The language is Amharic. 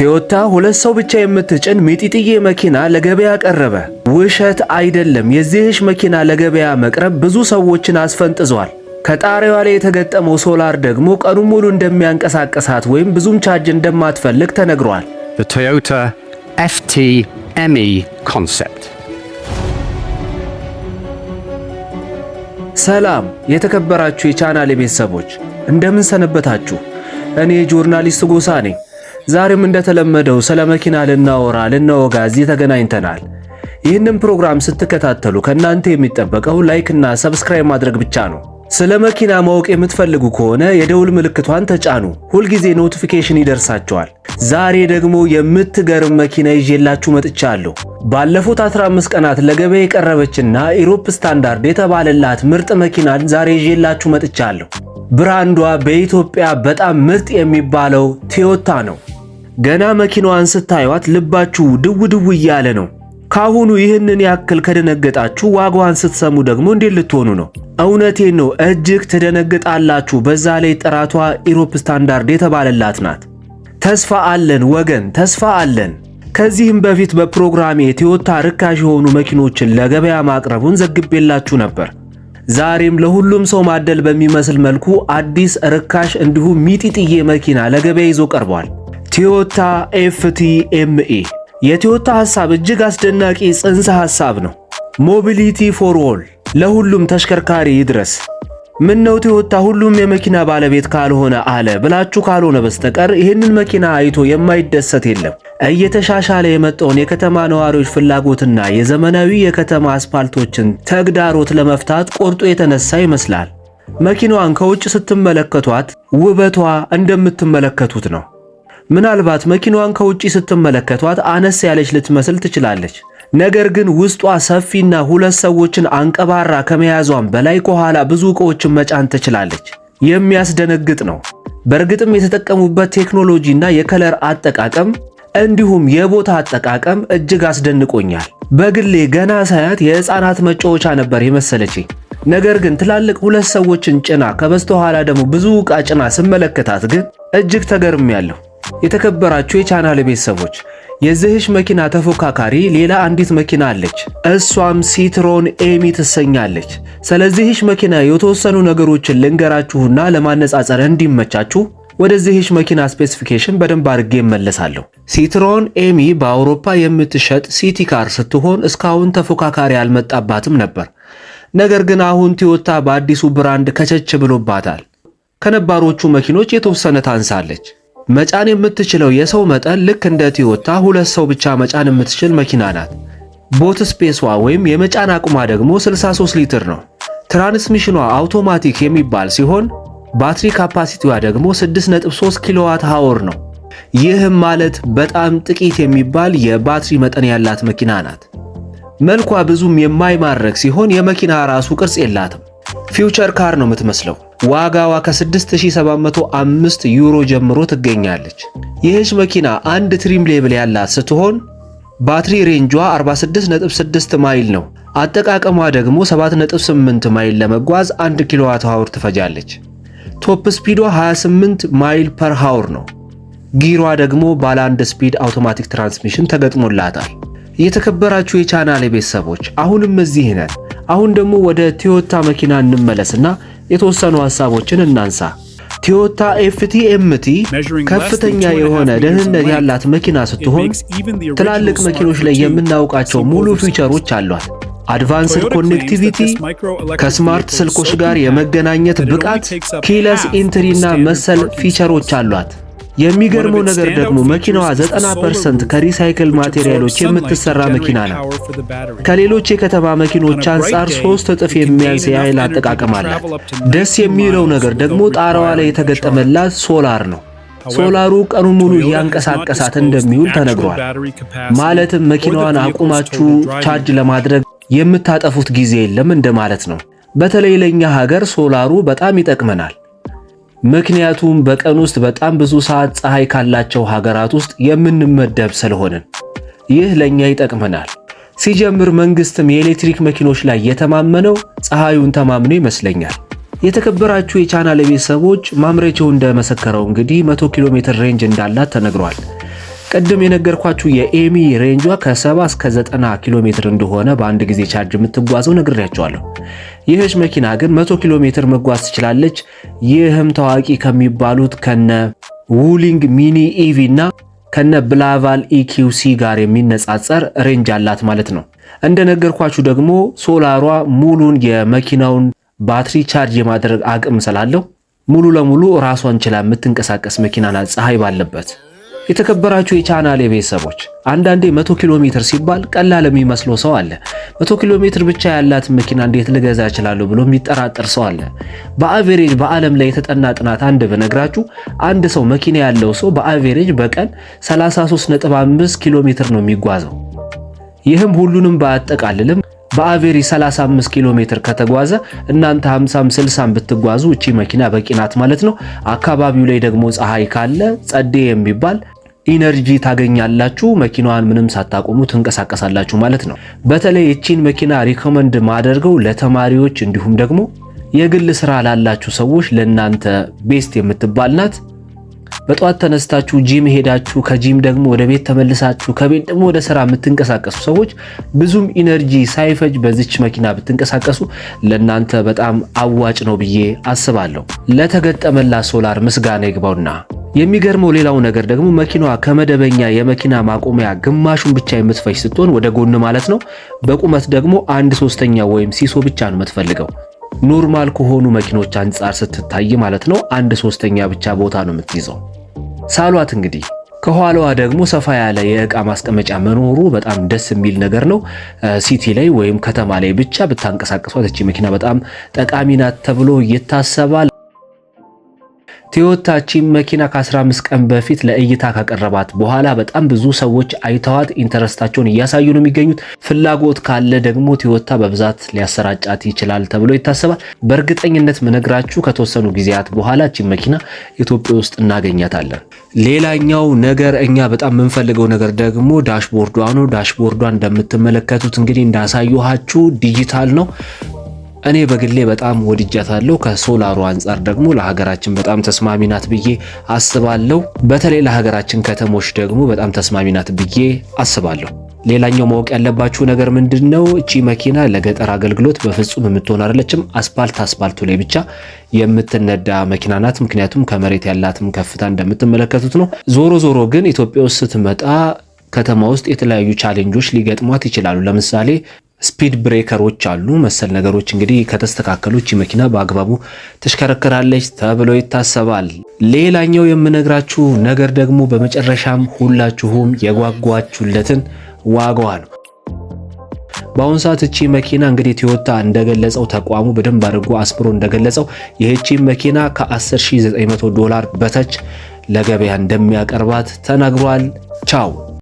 ቶዮታ ሁለት ሰው ብቻ የምትጭን ሚጢጥዬ መኪና ለገበያ ቀረበ። ውሸት አይደለም። የዚህሽ መኪና ለገበያ መቅረብ ብዙ ሰዎችን አስፈንጥዟል። ከጣሪያዋ ላይ የተገጠመው ሶላር ደግሞ ቀኑ ሙሉ እንደሚያንቀሳቀሳት ወይም ብዙም ቻርጅ እንደማትፈልግ ተነግሯል። ቶዮታ ኤፍቲኤምኢ ኮንሰፕት ሰላም የተከበራችሁ የቻናል ቤተሰቦች እንደምን ሰነበታችሁ? እኔ ጆርናሊስት ጎሳ ነኝ። ዛሬም እንደተለመደው ስለ መኪና ልናወራ ልናወጋ እዚህ ተገናኝተናል። ይህንን ፕሮግራም ስትከታተሉ ከእናንተ የሚጠበቀው ላይክ እና ሰብስክራይብ ማድረግ ብቻ ነው። ስለ መኪና ማወቅ የምትፈልጉ ከሆነ የደውል ምልክቷን ተጫኑ። ሁልጊዜ ኖቲፊኬሽን ይደርሳቸዋል። ዛሬ ደግሞ የምትገርም መኪና ይዤላችሁ መጥቻለሁ። ባለፉት 15 ቀናት ለገበያ የቀረበችና ኢሮፕ ስታንዳርድ የተባለላት ምርጥ መኪናን ዛሬ ይዤላችሁ መጥቻለሁ። ብራንዷ በኢትዮጵያ በጣም ምርጥ የሚባለው ቶዮታ ነው። ገና መኪናዋን ስታዩት ልባችሁ ድው ድው እያለ ነው። ካሁኑ ይህንን ያክል ከደነገጣችሁ ዋጋዋን ስትሰሙ ደግሞ እንዴት ልትሆኑ ነው? እውነቴ ነው፣ እጅግ ትደነግጣላችሁ። በዛ ላይ ጥራቷ ኢሮፕ ስታንዳርድ የተባለላት ናት። ተስፋ አለን ወገን፣ ተስፋ አለን። ከዚህም በፊት በፕሮግራሜ ቶዮታ ርካሽ የሆኑ መኪኖችን ለገበያ ማቅረቡን ዘግቤላችሁ ነበር። ዛሬም ለሁሉም ሰው ማደል በሚመስል መልኩ አዲስ ርካሽ እንዲሁም ሚጢጥዬ መኪና ለገበያ ይዞ ቀርቧል። ቶዮታ ኤፍቲኤምኢ የቶዮታ ሐሳብ እጅግ አስደናቂ ጽንሰ ሐሳብ ነው። ሞቢሊቲ ፎር ኦል ለሁሉም ተሽከርካሪ ይድረስ። ምን ነው ቶዮታ ሁሉም የመኪና ባለቤት ካልሆነ አለ ብላችሁ ካልሆነ በስተቀር ይህንን መኪና አይቶ የማይደሰት የለም። እየተሻሻለ የመጣውን የከተማ ነዋሪዎች ፍላጎትና የዘመናዊ የከተማ አስፓልቶችን ተግዳሮት ለመፍታት ቆርጦ የተነሳ ይመስላል። መኪናዋን ከውጭ ስትመለከቷት ውበቷ እንደምትመለከቱት ነው። ምናልባት መኪናዋን ከውጪ ስትመለከቷት አነስ ያለች ልትመስል ትችላለች። ነገር ግን ውስጧ ሰፊና ሁለት ሰዎችን አንቀባራ ከመያዟን በላይ ከኋላ ብዙ ዕቃዎችን መጫን ትችላለች። የሚያስደነግጥ ነው። በእርግጥም የተጠቀሙበት ቴክኖሎጂና የከለር አጠቃቀም እንዲሁም የቦታ አጠቃቀም እጅግ አስደንቆኛል። በግሌ ገና ሳያት የሕፃናት መጫወቻ ነበር የመሰለች። ነገር ግን ትላልቅ ሁለት ሰዎችን ጭና ከበስተኋላ ደግሞ ብዙ ዕቃ ጭና ስመለከታት ግን እጅግ ተገርሚያለሁ። የተከበራችሁ የቻናል ቤተሰቦች የዚህች መኪና ተፎካካሪ ሌላ አንዲት መኪና አለች። እሷም ሲትሮን ኤሚ ትሰኛለች። ስለዚህች መኪና የተወሰኑ ነገሮችን ልንገራችሁና ለማነጻጸር እንዲመቻችሁ ወደዚህች መኪና ስፔሲፊኬሽን በደንብ አድርጌ እመለሳለሁ። ሲትሮን ኤሚ በአውሮፓ የምትሸጥ ሲቲ ካር ስትሆን እስካሁን ተፎካካሪ አልመጣባትም ነበር። ነገር ግን አሁን ቶዮታ በአዲሱ ብራንድ ከቸች ብሎባታል። ከነባሮቹ መኪኖች የተወሰነ ታንሳለች። መጫን የምትችለው የሰው መጠን ልክ እንደ ቲዮታ ሁለት ሰው ብቻ መጫን የምትችል መኪና ናት። ቦት ስፔሷ ወይም የመጫን አቅሟ ደግሞ 63 ሊትር ነው። ትራንስሚሽኗ አውቶማቲክ የሚባል ሲሆን ባትሪ ካፓሲቲዋ ደግሞ 6.3 ኪሎዋት ሃወር ነው። ይህም ማለት በጣም ጥቂት የሚባል የባትሪ መጠን ያላት መኪና ናት። መልኳ ብዙም የማይማረክ ሲሆን የመኪና ራሱ ቅርጽ የላትም። ፊውቸር ካር ነው የምትመስለው። ዋጋዋ ከ6705 ዩሮ ጀምሮ ትገኛለች። ይህች መኪና አንድ ትሪም ሌብል ያላት ስትሆን ባትሪ ሬንጇ 466 ማይል ነው። አጠቃቀሟ ደግሞ 78 ማይል ለመጓዝ 1 ኪሎዋት ሃውር ትፈጃለች። ቶፕ ስፒዷ 28 ማይል ፐር ሃውር ነው። ጊሯ ደግሞ ባለ አንድ ስፒድ አውቶማቲክ ትራንስሚሽን ተገጥሞላታል። የተከበራችሁ የቻናሌ ቤተሰቦች አሁንም እዚህ ነን። አሁን ደግሞ ወደ ቶዮታ መኪና እንመለስና የተወሰኑ ሀሳቦችን እናንሳ። ቶዮታ ኤፍቲኤምቲ ከፍተኛ የሆነ ደህንነት ያላት መኪና ስትሆን ትላልቅ መኪኖች ላይ የምናውቃቸው ሙሉ ፊቸሮች አሏት። አድቫንስድ ኮኔክቲቪቲ፣ ከስማርት ስልኮች ጋር የመገናኘት ብቃት፣ ኪለስ ኢንትሪ እና መሰል ፊቸሮች አሏት። የሚገርመው ነገር ደግሞ መኪናዋ 90% ከሪሳይክል ማቴሪያሎች የምትሰራ መኪና ናት። ከሌሎች የከተማ መኪኖች አንጻር ሶስት እጥፍ የሚያንስ የኃይል አጠቃቀም አላት። ደስ የሚለው ነገር ደግሞ ጣራዋ ላይ የተገጠመላት ሶላር ነው። ሶላሩ ቀኑ ሙሉ እያንቀሳቀሳት እንደሚውል ተነግሯል። ማለትም መኪናዋን አቁማችሁ ቻርጅ ለማድረግ የምታጠፉት ጊዜ የለም እንደማለት ነው። በተለይ ለኛ ሀገር ሶላሩ በጣም ይጠቅመናል። ምክንያቱም በቀን ውስጥ በጣም ብዙ ሰዓት ፀሐይ ካላቸው ሀገራት ውስጥ የምንመደብ ስለሆንን ይህ ለእኛ ይጠቅመናል። ሲጀምር መንግስትም የኤሌክትሪክ መኪኖች ላይ የተማመነው ፀሐዩን ተማምኖ ይመስለኛል። የተከበራችሁ የቻናል ቤተሰቦች ማምረቻው እንደመሰከረው እንግዲህ 100 ኪሎ ሜትር ሬንጅ እንዳላት ተነግሯል። ቅድም የነገርኳችሁ የኤሚ ሬንጇ ከ70 እስከ 90 ኪሎ ሜትር እንደሆነ በአንድ ጊዜ ቻርጅ የምትጓዘው ነግሬያቸዋለሁ። ይህች መኪና ግን 100 ኪሎ ሜትር መጓዝ ትችላለች። ይህም ታዋቂ ከሚባሉት ከነ ውሊንግ ሚኒ ኢቪ እና ከነ ብላቫል ኢኪውሲ ጋር የሚነጻጸር ሬንጅ አላት ማለት ነው። እንደነገርኳችሁ ደግሞ ሶላሯ ሙሉን የመኪናውን ባትሪ ቻርጅ የማድረግ አቅም ስላለው ሙሉ ለሙሉ ራሷን ችላ የምትንቀሳቀስ መኪና ናት፣ ፀሐይ ባለበት የተከበራችሁ የቻናሌ ቤተሰቦች አንዳንዴ መቶ ኪሎ ሜትር ሲባል ቀላል የሚመስለው ሰው አለ። መቶ ኪሎ ሜትር ብቻ ያላትን መኪና እንዴት ልገዛ እችላለሁ ብሎ የሚጠራጠር ሰው አለ። በአቬሬጅ በዓለም ላይ የተጠና ጥናት አንድ ብነግራችሁ አንድ ሰው መኪና ያለው ሰው በአቬሬጅ በቀን 33.5 ኪሎ ሜትር ነው የሚጓዘው። ይህም ሁሉንም በአጠቃልልም በአቬሪ 35 ኪሎ ሜትር ከተጓዘ እናንተ 50 60 ብትጓዙ እቺ መኪና በቂ ናት ማለት ነው። አካባቢው ላይ ደግሞ ፀሐይ ካለ ጸዴ የሚባል ኢነርጂ ታገኛላችሁ። መኪናዋን ምንም ሳታቆሙ ትንቀሳቀሳላችሁ ማለት ነው። በተለይ እቺን መኪና ሪኮመንድ ማደርገው ለተማሪዎች እንዲሁም ደግሞ የግል ስራ ላላችሁ ሰዎች ለእናንተ ቤስት የምትባል ናት። በጠዋት ተነስታችሁ ጂም ሄዳችሁ ከጂም ደግሞ ወደ ቤት ተመልሳችሁ ከቤት ደግሞ ወደ ስራ የምትንቀሳቀሱ ሰዎች ብዙም ኢነርጂ ሳይፈጅ በዚች መኪና ብትንቀሳቀሱ ለእናንተ በጣም አዋጭ ነው ብዬ አስባለሁ። ለተገጠመላ ሶላር ምስጋና ይግባውና የሚገርመው ሌላው ነገር ደግሞ መኪናዋ ከመደበኛ የመኪና ማቆሚያ ግማሹን ብቻ የምትፈጅ ስትሆን ወደ ጎን ማለት ነው። በቁመት ደግሞ አንድ ሶስተኛ ወይም ሲሶ ብቻ ነው የምትፈልገው። ኖርማል ከሆኑ መኪኖች አንጻር ስትታይ ማለት ነው አንድ ሶስተኛ ብቻ ቦታ ነው የምትይዘው። ሳሏት እንግዲህ ከኋላዋ ደግሞ ሰፋ ያለ የእቃ ማስቀመጫ መኖሩ በጣም ደስ የሚል ነገር ነው። ሲቲ ላይ ወይም ከተማ ላይ ብቻ ብታንቀሳቀሷት እቺ መኪና በጣም ጠቃሚ ናት ተብሎ ይታሰባል። ቶዮታችን መኪና ከ15 ቀን በፊት ለእይታ ካቀረባት በኋላ በጣም ብዙ ሰዎች አይተዋት ኢንተረስታቸውን እያሳዩ ነው የሚገኙት። ፍላጎት ካለ ደግሞ ቶዮታ በብዛት ሊያሰራጫት ይችላል ተብሎ ይታሰባል። በእርግጠኝነት መነግራችሁ ከተወሰኑ ጊዜያት በኋላ ቺን መኪና ኢትዮጵያ ውስጥ እናገኛታለን። ሌላኛው ነገር እኛ በጣም የምንፈልገው ነገር ደግሞ ዳሽቦርዷ ነው። ዳሽቦርዷ እንደምትመለከቱት እንግዲህ እንዳሳየኋችሁ ዲጂታል ነው። እኔ በግሌ በጣም ወድጃታለሁ። ከሶላሩ አንጻር ደግሞ ለሀገራችን በጣም ተስማሚ ናት ብዬ አስባለሁ። በተለይ ለሀገራችን ከተሞች ደግሞ በጣም ተስማሚ ናት ብዬ አስባለሁ። ሌላኛው ማወቅ ያለባችሁ ነገር ምንድን ነው? እቺ መኪና ለገጠር አገልግሎት በፍጹም የምትሆን አይደለችም። አስፓልት አስፓልቱ ላይ ብቻ የምትነዳ መኪና ናት። ምክንያቱም ከመሬት ያላትም ከፍታ እንደምትመለከቱት ነው። ዞሮ ዞሮ ግን ኢትዮጵያ ውስጥ ስትመጣ ከተማ ውስጥ የተለያዩ ቻሌንጆች ሊገጥሟት ይችላሉ። ለምሳሌ ስፒድ ብሬከሮች አሉ መሰል ነገሮች እንግዲህ ከተስተካከሎች መኪና በአግባቡ ትሽከረከራለች ተብሎ ይታሰባል። ሌላኛው የምነግራችሁ ነገር ደግሞ በመጨረሻም ሁላችሁም የጓጓችሁለትን ዋጋዋ ነው። በአሁኑ ሰዓት እቺ መኪና እንግዲህ ቶዮታ እንደገለጸው ተቋሙ በደንብ አድርጎ አስምሮ እንደገለጸው ይህቺ መኪና ከ10900 ዶላር በታች ለገበያ እንደሚያቀርባት ተናግሯል። ቻው